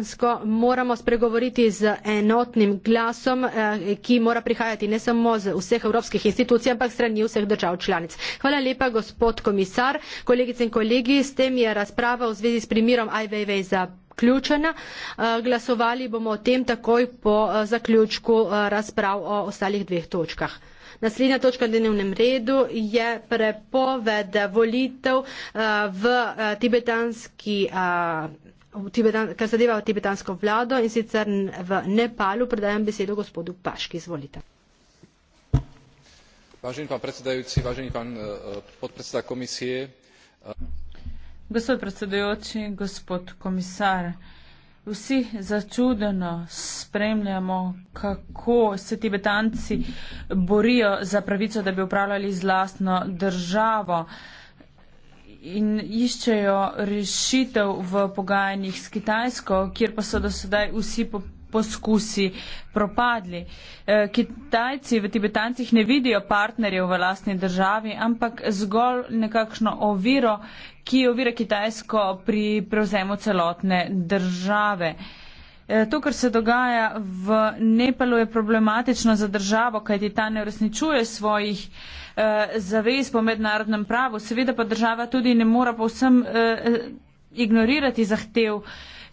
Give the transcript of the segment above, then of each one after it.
dejansko moramo spregovoriti z enotnim glasom, eh, ki mora prihajati ne samo z vseh evropskih institucij, ampak strani vseh držav članic. Hvala lepa, gospod komisar. Kolegice in kolegi, s tem je razprava v zvezi s primirom IVV za. Ključena. Eh, glasovali bomo o tem takoj po eh, zaključku razprav o ostalih dveh točkah. Naslednja točka na dnevnem redu je prepoved volitev v tibetanski tibetan, kar zadeva tibetansko vlado in sicer v Nepalu predajam besedo gospodu Paški. Izvolite. Vážený pán predsedajúci, vážený pán e, podpredseda komisie. E, gospod predsedajúci, gospod komisár, vsi začudeno spremljamo, kako se tibetanci borijo za pravico, da bi upravljali z lastno državo in iščejo rešitev v pogajanjih s Kitajsko, kjer pa so do sedaj vsi poskusi propadli. E, Kitajci v Tibetancih ne vidijo partnerjev v lastni državi, ampak zgolj nekakšno oviro, ki ovira Kitajsko pri prevzemu celotne države. Eh, to, kar se dogaja v Nepalu, je problematično za državo, kajti ta ne uresničuje svojih eh, zavez po mednarodnem pravu. Seveda pa država tudi ne mora povsem eh, eh, ignorirati zahtev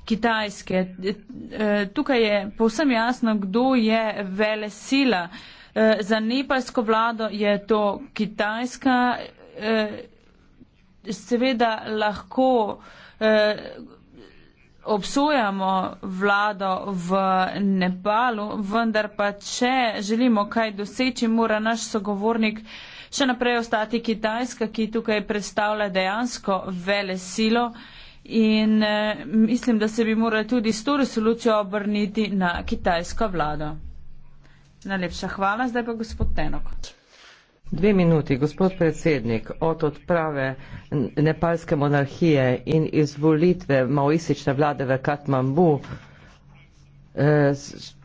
Kitajske. Eh, eh, tukaj je povsem jasno, kdo je vele sila. Eh, za nepalsko vlado je to Kitajska. Eh, seveda lahko. Eh, obsojamo vlado v Nepalu, vendar pa če želimo kaj doseči, mora naš sogovornik še naprej ostati Kitajska, ki tukaj predstavlja dejansko vele silo. In eh, mislim, da se bi morali tudi s to resolucijo obrniti na kitajsko vlado. Najlepša hvala, zdaj pa gospod Tenok. Dve minuti, gospod predsednik, od odprave nepalske monarhije in izvolitve maoistične vlade v Katmambu eh,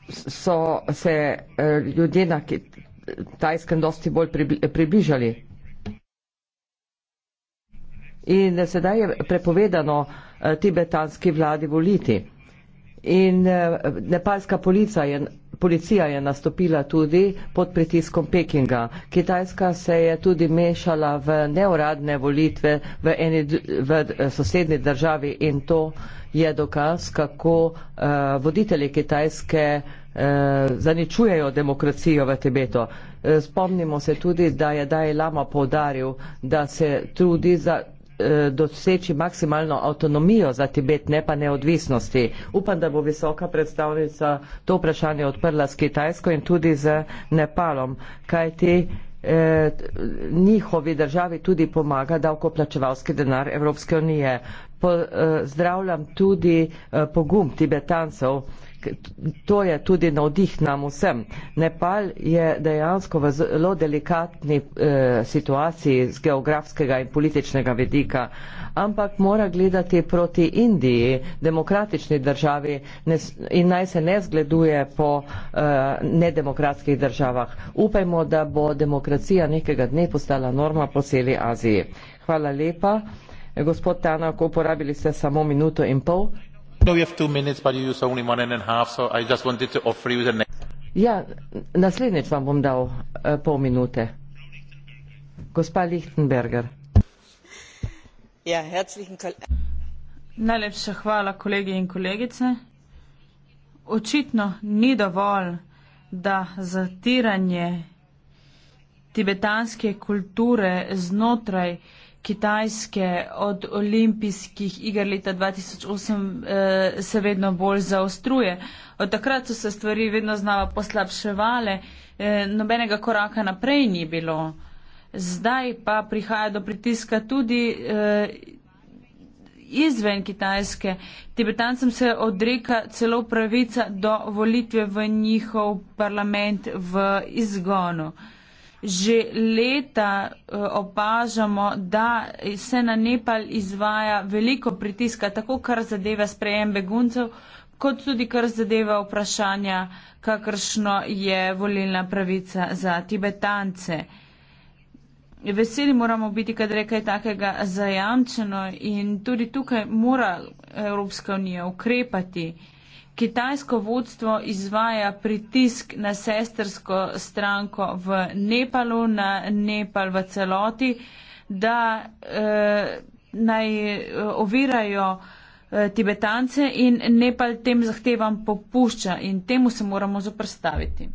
so se eh, ljudje na Tajskem dosti bolj približali. In sedaj je prepovedano eh, tibetanski vladi voliti. In nepalska policija je policija je nastopila tudi pod pritiskom Pekinga. Kitajska se je tudi mešala v neuradne volitve v, eni, v eh, sosednji državi in to je dokaz, kako uh, voditelji Kitajske uh, zaničujejo demokracijo v Tibetu. Spomnimo se tudi, da je Dajlama povdaril, da se trudi za Eh, doseči maksimalno avtonomijo za Tibet, ne pa neodvisnosti. Upam, da bo visoka predstavnica to vprašanje odprla s Kitajsko in tudi z Nepalom, kaj ti eh, njihovi državi tudi pomaga davkoplačevalski denar Evropske unije. Eh, pozdravljam eh, tudi eh, pogum Tibetancev to je tudi navdih nam vsem. Nepal je dejansko v zelo delikatni eh, situaciji z geografskega in političnega vidika, ampak mora gledati proti Indiji, demokratični državi ne, in naj se ne zgleduje po eh, nedemokratskih državah. Upajmo, da bo demokracija nekega dne postala norma po celi Aziji. Hvala lepa. Gospod Tanak, uporabili ste samo minuto in pol know you have two minutes, but you use only one and a half, so I just wanted to offer you the next. Ja, naslednjič vam bom dal uh, pol minute. Gospa Lichtenberger. Ja, herzlichen Najlepša hvala, kolegi in kolegice. Očitno ni dovolj, da zatiranje tibetanske kulture znotraj Kitajske od olimpijskih iger leta 2008 eh, se vedno bolj zaostruje. Od takrat so se stvari vedno znova poslabševale, eh, nobenega koraka naprej ni bilo. Zdaj pa prihaja do pritiska tudi eh, izven Kitajske. Tibetancem se odreka celo pravica do volitve v njihov parlament v izgonu že leta eh, opažamo, da se na Nepal izvaja veliko pritiska, tako kar zadeva sprejem beguncev, kot tudi kar zadeva vprašanja, kakršno je volilna pravica za tibetance. Veseli moramo biti, kad rekaj takega zajamčeno in tudi tukaj mora Evropska unija ukrepati. Kitajsko vodstvo izvaja pritisk na sestrsko stranko v Nepalu, na Nepal v celoti, da eh, naj eh, ovirajo eh, tibetance in Nepal tem zahtevam popušča in temu se moramo zoprstaviti.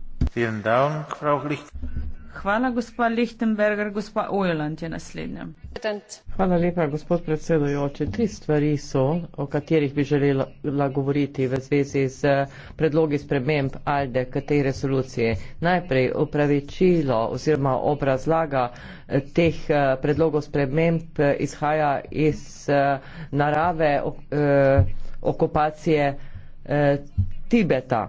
Hvala, gospa Lichtenberger. Gospa Ojland je naslednja. Hvala lepa, gospod predsedujoči. Tri stvari so, o katerih bi želela govoriti v zvezi z predlogi sprememb ALDE k tej resoluciji. Najprej upravičilo oziroma obrazlaga teh eh, predlogov sprememb izhaja iz eh, narave eh, okupacije Tibeta.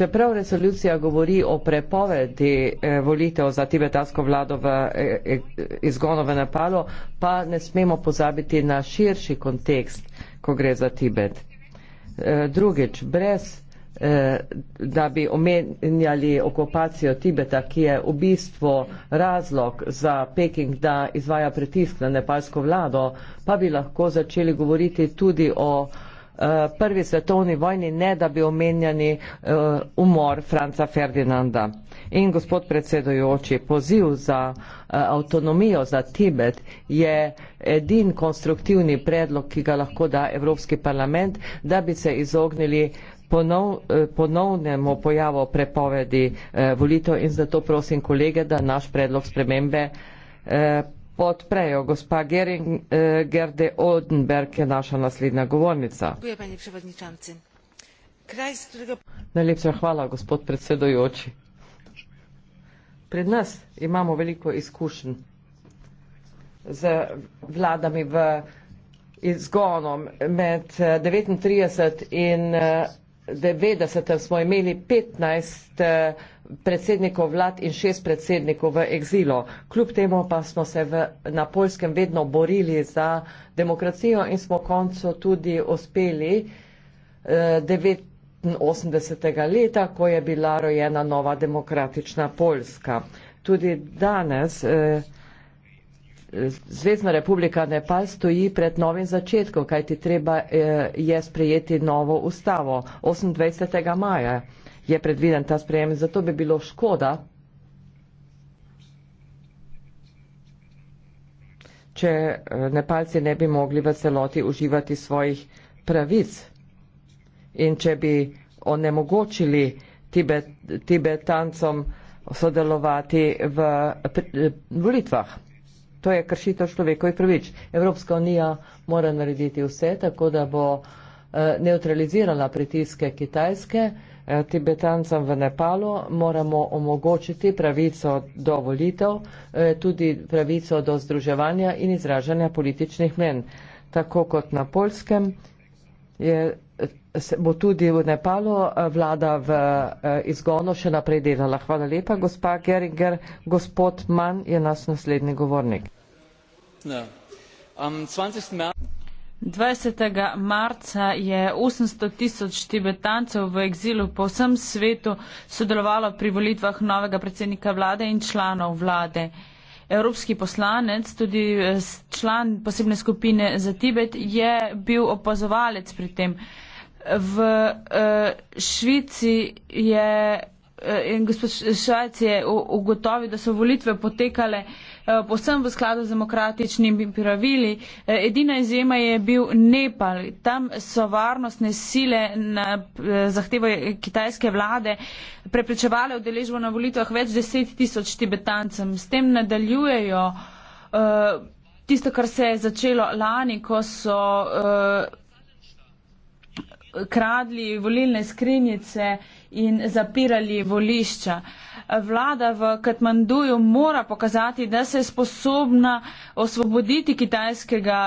Čeprav rezolucija govori o prepovedi eh, volitev za tibetansko vlado v eh, eh, izgonu v Nepalu, pa ne smemo pozabiti na širši kontekst, ko gre za Tibet. Drugič, brez da bi omenjali okupacijo Tibeta, ki je v bistvu razlog za Peking, da izvaja pritisk na nepalsko vlado, pa bi lahko začeli govoriti tudi o Eh, prvi svetovni vojni, ne da bi omenjali uh, umor Franca Ferdinanda. In gospod predsedujoči, poziv za uh, avtonomijo za Tibet je edin konstruktivni predlog, ki ga lahko da Evropski parlament, da bi se izognili ponov, uh, ponovnemu pojavu prepovedi uh, volitev in zato prosim kolege, da naš predlog spremembe uh, podprejo. Gospa Gering, eh, Gerde Oldenberg je naša naslednja govornica. Kraj, strga... Najlepša hvala, gospod predsedojoči. Pred nas imamo veliko izkušenj z vladami v izgonom. Med 39 eh, in 90 eh, smo imeli 15 eh, predsednikov vlad in šest predsednikov v egzilu. Kljub temu pa smo se v, na Poljskem vedno borili za demokracijo in smo koncu tudi uspeli 1989. Eh, leta, ko je bila rojena nova demokratična Poljska. Tudi danes eh, Zvezdna republika Nepal stoji pred novim začetkom, kajti treba eh, je sprejeti novo ustavo 28. maja je predviden ta sprejem. Zato bi bilo škoda, če eh, nepalci ne bi mogli v celoti uživati svojih pravic in če bi onemogočili Tibet, Tibetancom sodelovati v eh, volitvah. To je kršitev človekovih pravič. Evropska unija mora narediti vse, tako da bo eh, neutralizirala pritiske Kitajske. Eh, Tibetancem v Nepalu moramo omogočiti pravico do volitev, eh, tudi pravico do združevanja in izražanja političnih mnen. Tako kot na Polskem je, se, bo tudi v Nepalu eh, vlada v izgonu še naprej delala. Hvala lepa, gospa Geringer. Gospod Mann je naš naslednji govornik. No. Um, 20. 20. marca je 800 tisoč tibetancev v egzilu po vsem svetu sodelovalo pri volitvah novega predsednika vlade in članov vlade. Evropski poslanec, tudi eh, član posebne skupine za Tibet, je bil opazovalec pri tem. V eh, Švici je, eh, gospod Švajc je ugotovil, da so volitve potekale uh, Eh, posem v skladu z demokratičnimi pravili. Eh, edina izjema je bil Nepal. Tam so varnostne sile na eh, zahtevo kitajske vlade preprečevale vdeležbo na volitvah več deset tisoč tibetancem. S tem nadaljujejo tisto, kar se je začelo lani, ko so kradli volilne skrinjice in zapirali volišča. Uh, vlada v Katmanduju mora pokazati, da se je sposobna osvoboditi kitajskega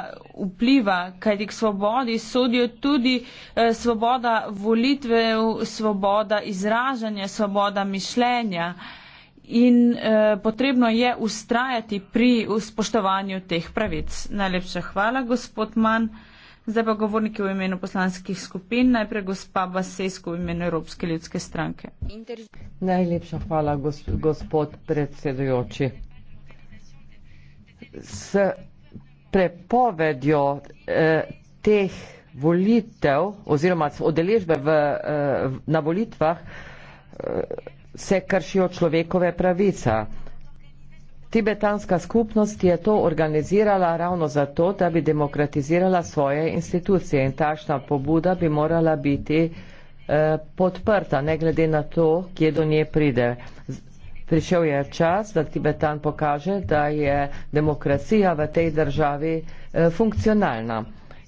vpliva, kajti k svobodi sodijo tudi eh, svoboda volitve, svoboda izražanja, svoboda mišljenja in eh, potrebno je ustrajati pri spoštovanju teh pravic. Najlepša hvala, gospod Mann. Zdaj pa govorniki v imenu poslanskih skupin, najprej gospa Basesko v imenu Evropske ljudske stranke. Najlepša hvala, gospod predsedujoči. S prepovedjo eh, teh volitev oziroma odeležbe v, eh, na volitvah eh, se kršijo človekove pravice. Tibetanska skupnost je to organizirala ravno zato, da bi demokratizirala svoje institucije in tašna pobuda bi morala biti eh, podprta, ne glede na to, kje do nje pride. Prišel je čas, da Tibetan pokaže, da je demokracija v tej državi eh, funkcionalna.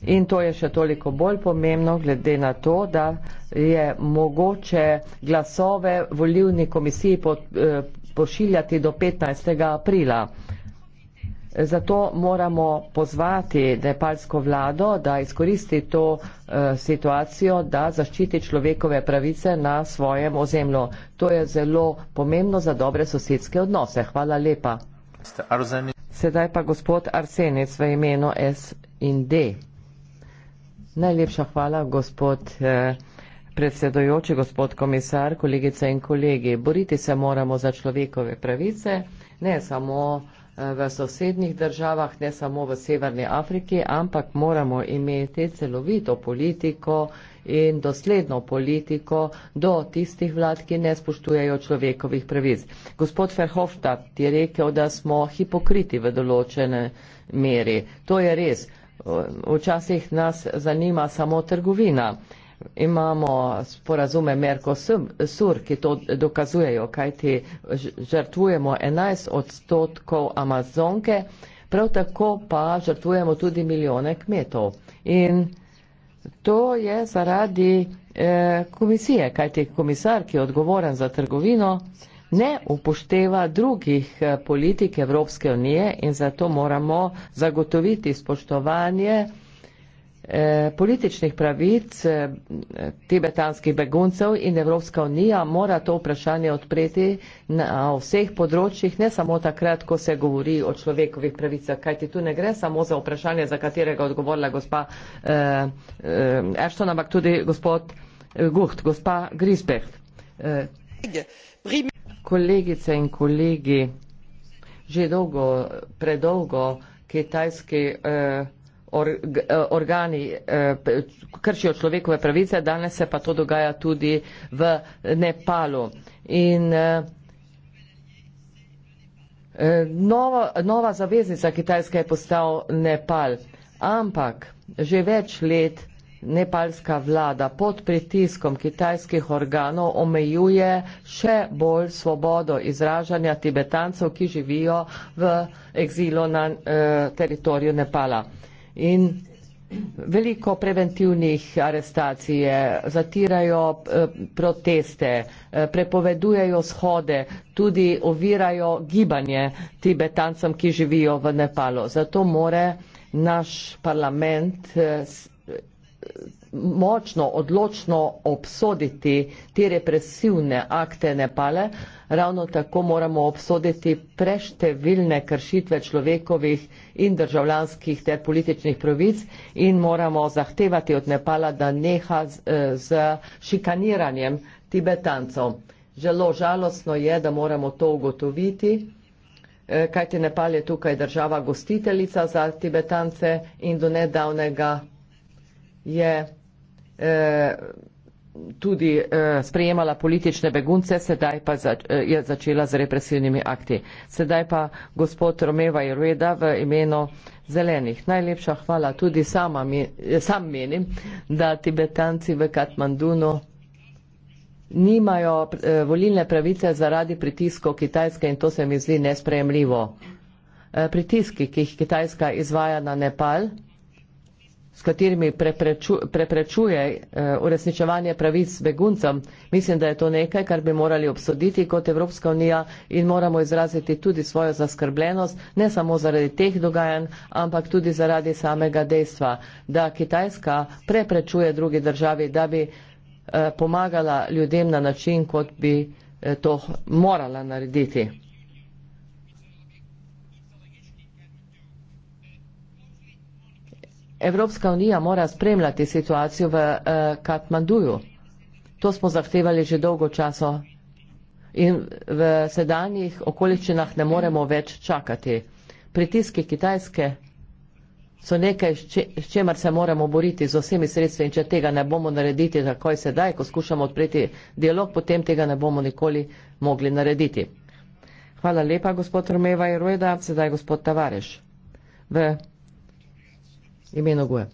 In to je še toliko bolj pomembno, glede na to, da je mogoče glasove volivni komisiji pod, eh, pošiljati do 15. aprila. Zato moramo pozvati nepalsko vlado, da izkoristi to e, situacijo, da zaščiti človekove pravice na svojem ozemlju. To je zelo pomembno za dobre sosedske odnose. Hvala lepa. Sedaj pa gospod Arsenic v imenu S in D. Najlepša hvala, gospod. E, predsedojoči gospod komisar, kolegice in kolegi. Boriti se moramo za človekove pravice, ne samo eh, v sosednjih državah, ne samo v Severni Afriki, ampak moramo imeti celovito politiko in dosledno politiko do tistih vlad, ki ne spoštujejo človekovih pravic. Gospod Verhofstadt je rekel, da smo hipokriti v določene meri. To je res. Včasih nas zanima samo trgovina imamo sporazume Mercosur, ki to dokazujejo, kajti žrtvujemo 11 odstotkov Amazonke, prav tako pa žrtvujemo tudi milijone kmetov. In to je zaradi eh, komisije, kajti komisar, ki je odgovoren za trgovino, ne upošteva drugih eh, politik Evropske unije in zato moramo zagotoviti spoštovanje Eh, političnih pravic eh, tibetanskih beguncev in Evropska unija mora to vprašanje odpreti na vseh področjih, ne samo takrat, ko se govori o človekovih pravicah, kajti tu ne gre samo za vprašanje, za katerega je odgovorila gospa eh, eh, Ešton, ampak tudi gospod eh, Guht, gospa Grisbeht. Eh, kolegice in kolegi, že dolgo, predolgo kitajski. Eh, org, eh, organi eh, kršijo človekove pravice, danes se pa to dogaja tudi v Nepalu. In eh, nova, nova zaveznica Kitajske je postal Nepal, ampak že več let nepalska vlada pod pritiskom kitajskih organov omejuje še bolj svobodo izražanja tibetancev, ki živijo v eksilu na eh, teritoriju Nepala. Eh, in veliko preventivnih arestacij je, zatirajo eh, proteste, eh, prepovedujejo shode, tudi ovirajo gibanje tibetancem, ki živijo v Nepalu. Zato mora naš parlament eh, močno, odločno obsoditi te represivne akte Nepale, ravno tako moramo obsoditi preštevilne kršitve človekovih in državljanskih ter političnih pravic in moramo zahtevati od Nepala, da neha z, eh, z šikaniranjem tibetancov. Želo žalostno je, da moramo to ugotoviti, eh, kajti Nepal je tukaj država gostiteljica za tibetance in do nedavnega je eh, tudi eh, sprejemala politične begunce, sedaj pa eh, je začela z represivnimi akti. Sedaj pa gospod Romeva Jerveda v imenu zelenih. Najlepša hvala. Tudi sama, sam menim, da tibetanci v Katmandunu nimajo volilne pravice zaradi pritiskov Kitajske in to se mi zdi nesprejemljivo. Pritiski, ki jih Kitajska izvaja na Nepal, s katerimi preprečuje, preprečuje eh, uresničevanje pravic beguncem. Mislim, da je to nekaj, kar bi morali obsoditi kot Evropska unija in moramo izraziti tudi svojo zaskrbljenost, ne samo zaradi teh dogajanj, ampak tudi zaradi samega dejstva, da Kitajska preprečuje drugi državi, da bi eh, pomagala ljudem na način, kot bi eh, to morala narediti. Evropska unija mora spremljati situacijo v uh, Katmanduju. To smo zahtevali že dolgo časa in v sedanjih okoliščinah ne moremo več čakati. Pritiske Kitajske so nekaj, s čemer se moramo boriti z vsemi sredstvi in če tega ne bomo narediti takoj sedaj, ko skušamo odpreti dialog, potem tega ne bomo nikoli mogli narediti. Hvala lepa, gospod Romeva Irueda, sedaj gospod Tavareš. V imenuje.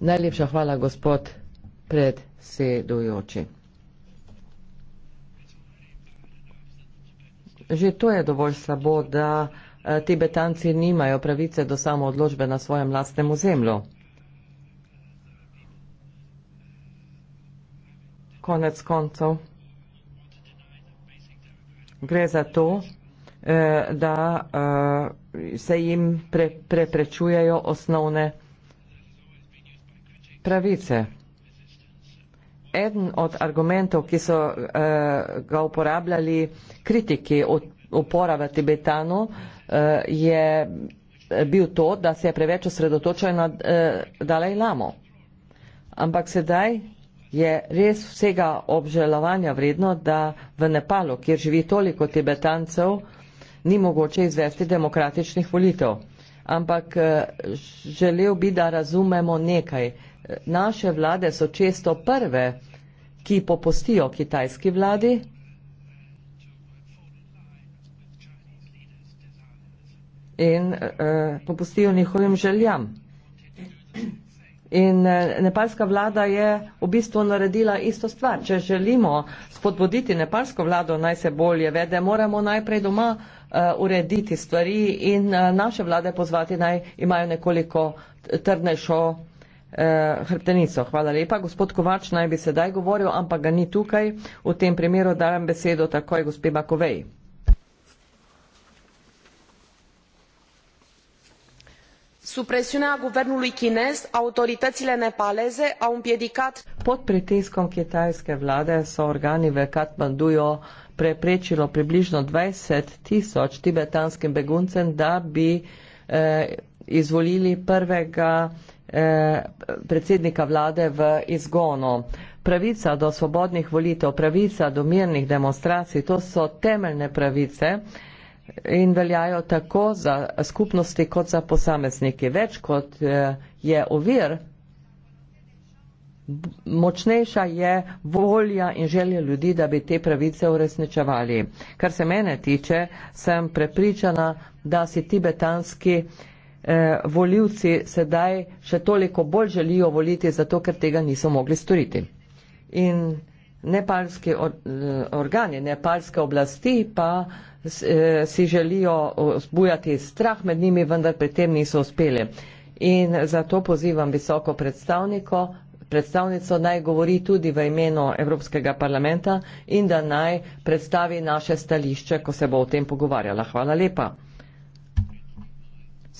Najlepša hvala, gospod predsedujoči. Že to je dovolj slabo, da eh, Tibetanci nimajo pravice do samoodločbe na svojem lastnem ozemlju. Konec koncev. Gre za to, eh, da eh, se jim preprečujejo osnovne pravice pravice. Eden od argumentov, ki so uh, ga uporabljali kritiki od upora v Tibetanu, uh, je bil to, da se je preveč osredotočil na uh, Dalaj Lamo. Ampak sedaj je res vsega obžalovanja vredno, da v Nepalu, kjer živi toliko Tibetancev, ni mogoče izvesti demokratičnih volitev. Ampak uh, želel bi, da razumemo nekaj. Uh, naše vlade so često prve, ki popustijo kitajski vladi. in eh, popustijo njihovim željam. In eh, nepalska vlada je v bistvu naredila isto stvar. Če želimo spodbuditi nepalsko vlado naj se bolje vede, moramo najprej doma eh, urediti stvari in eh, naše vlade pozvati naj imajo nekoliko trdnejšo Eh, hrbtenico. Hvala lepa. Gospod Kovač naj bi sedaj govoril, ampak ga ni tukaj. V tem primeru dajem besedo takoj gospe Bakovej. Pod pritiskom kitajske vlade so organi v Katmanduju preprečilo približno 20 tisoč tibetanskim beguncem, da bi eh, izvolili prvega Eh, predsednika vlade v izgonu. Pravica do svobodnih volitev, pravica do mirnih demonstracij, to so temeljne pravice in veljajo tako za skupnosti kot za posamezniki. Več kot eh, je ovir, močnejša je volja in želja ljudi, da bi te pravice uresničevali. Kar se mene tiče, sem prepričana, da si tibetanski eh, eh, voljivci sedaj še toliko bolj želijo voliti, zato ker tega niso mogli storiti. In nepalski or, eh, organi, nepalske oblasti pa eh, si želijo zbujati strah med njimi, vendar pri tem niso uspeli. In zato pozivam visoko predstavniko, predstavnico naj govori tudi v imenu Evropskega parlamenta in da naj predstavi naše stališče, ko se bo o tem pogovarjala. Hvala lepa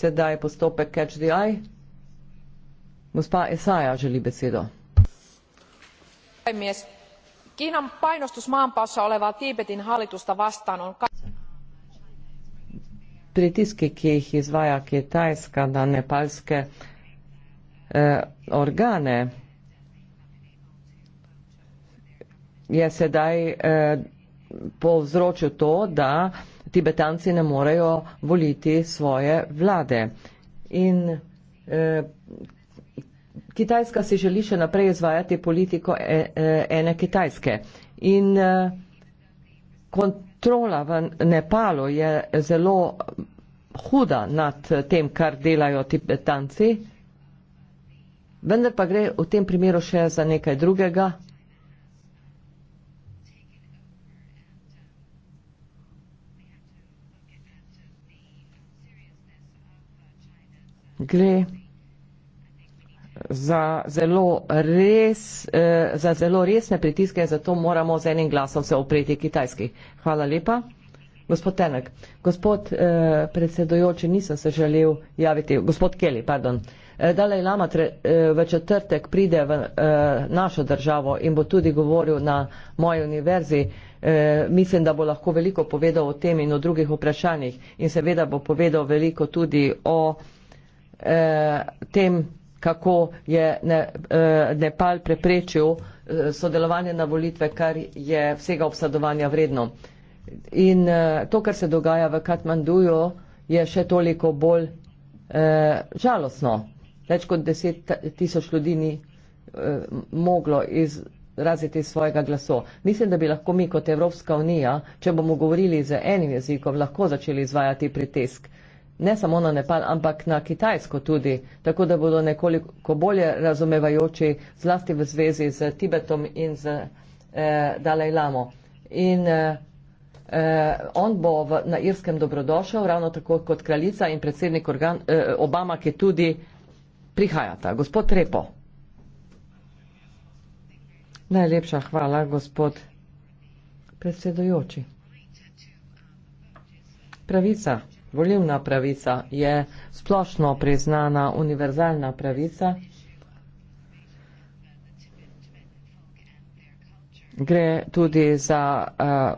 sedaj postopek Catch the Eye. Gospa Esaja želi besedo. Pritiske, ki jih izvaja Kitajska na nepalske eh, organe, je sedaj eh, povzročil to, da eh, Tibetanci ne morejo voliti svoje vlade. In eh, Kitajska si želi še naprej izvajati politiko eh, ene Kitajske. In eh, kontrola v Nepalu je zelo huda nad tem, kar delajo Tibetanci. Vendar pa gre v tem primeru še za nekaj drugega. gre za zelo, res, eh, za zelo resne pritiske, zato moramo z enim glasom se opreti kitajski. Hvala lepa. Gospod Tenek, gospod eh, predsedojoči, nisem se želel javiti, gospod Kelly, pardon. Eh, Dalaj Lama tre, eh, v četrtek pride v eh, našo državo in bo tudi govoril na moji univerzi. Eh, mislim, da bo lahko veliko povedal o tem in o drugih vprašanjih in seveda bo povedal veliko tudi o eh, tem, kako je ne, eh, Nepal preprečil eh, sodelovanje na volitve, kar je vsega obsadovanja vredno. In eh, to, kar se dogaja v Katmanduju, je še toliko bolj eh, žalostno. Več kot deset tisoč ljudi ni eh, moglo iz raziti svojega glasu. Mislim, da bi lahko mi kot Evropska unija, če bomo govorili z enim jezikom, lahko začeli izvajati pritisk. Eh, ne samo na Nepal, ampak na Kitajsko tudi, tako da bodo nekoliko bolje razumevajoči zlasti v zvezi z Tibetom in z eh, Dalaj Lamo. In eh, eh on bo v, na Irskem dobrodošel, ravno tako kot kraljica in predsednik organ, eh, Obama, ki tudi prihajata. Gospod Repo. Najlepša hvala, gospod predsedujoči. Pravica. Volivna pravica je splošno priznana univerzalna pravica. Gre tudi za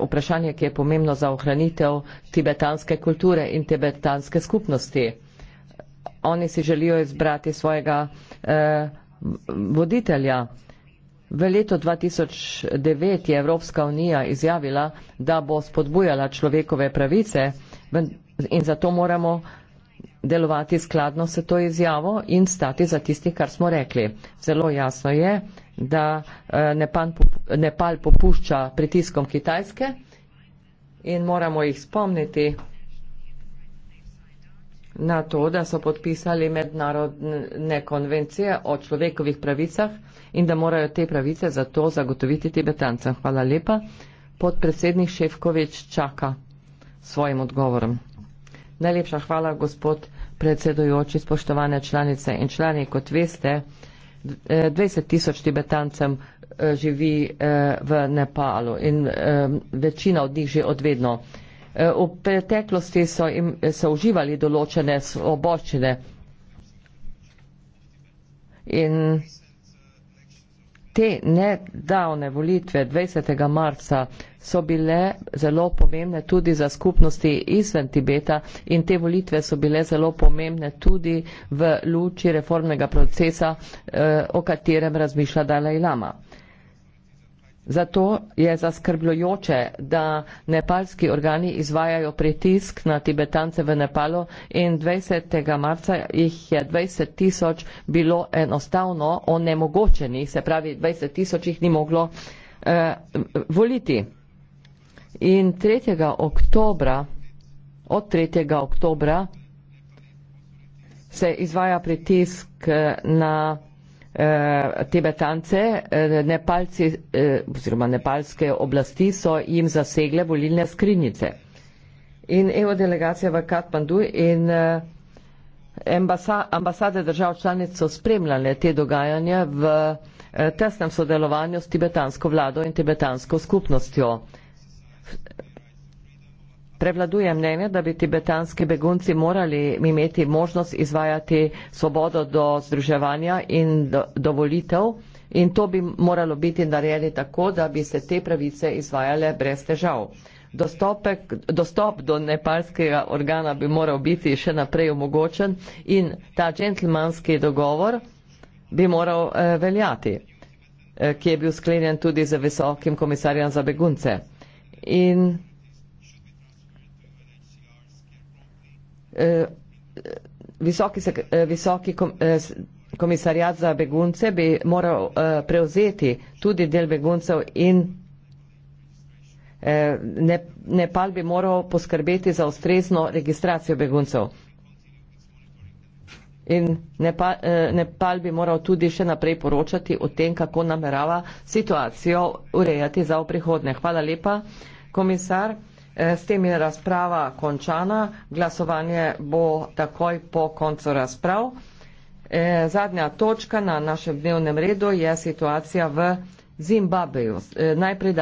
uh, vprašanje, ki je pomembno za ohranitev tibetanske kulture in tibetanske skupnosti. Oni si želijo izbrati svojega uh, voditelja. V letu 2009 je Evropska unija izjavila, da bo spodbujala človekove pravice, in zato moramo delovati skladno s to izjavo in stati za tisti, kar smo rekli. Zelo jasno je, da eh, Nepal popušča pritiskom Kitajske in moramo jih spomniti na to, da so podpisali mednarodne konvencije o človekovih pravicah in da morajo te pravice za to zagotoviti tibetancem. Hvala lepa. Podpredsednik Ševkovič čaka svojim odgovorom. Najlepša hvala, gospod predsedujoči, spoštovane članice in člani. Kot veste, 20 tisoč tibetancem eh, živi eh, v Nepalu in eh, večina od njih že odvedno. V preteklosti so, im, so uživali določene svoboščine in Te nedavne volitve 20. marca so bile zelo pomembne tudi za skupnosti izven Tibeta in te volitve so bile zelo pomembne tudi v luči reformnega procesa, eh, o katerem razmišlja Dalai Lama. Zato je zaskrbljujoče, da nepalski organi izvajajo pritisk na tibetance v Nepalu in 20. marca jih je 20 tisoč bilo enostavno onemogočeni, se pravi 20 tisoč jih ni moglo eh, voliti. In 3. oktobra, od 3. oktobra se izvaja pritisk eh, na Eh, Tibetance, eh, Nepalci eh, oziroma nepalske oblasti so jim zasegle volilne skrinjice. In evo delegacija v Katmandu in ambasade držav članic so spremljale te dogajanja v tesnem sodelovanju s tibetansko vlado in tibetansko skupnostjo prevladuje mnenje, da bi tibetanski begunci morali imeti možnost izvajati svobodo do združevanja in dovolitev in to bi moralo biti narejeno tako, da bi se te pravice izvajale brez težav. Dostopek, dostop do nepalskega organa bi moral biti še naprej omogočen in ta džentlmanski dogovor bi moral eh, veljati, eh, ki je bil sklenjen tudi za visokim komisarjem za begunce. In Eh, visoki, eh, visoki eh, komisarjat za begunce bi moral prevzeti tudi del beguncev in Nepal bi moral poskrbeti za ustrezno registracijo beguncev. In Nepal, Nepal bi moral tudi še naprej poročati o tem, kako namerava situacijo urejati za v prihodnje. Hvala lepa, komisar. Eh, s tem je razprava končana. Glasovanje bo takoj po koncu razprav. Eh, zadnja točka na našem dnevnem redu je situacija v Zimbabveju. Eh,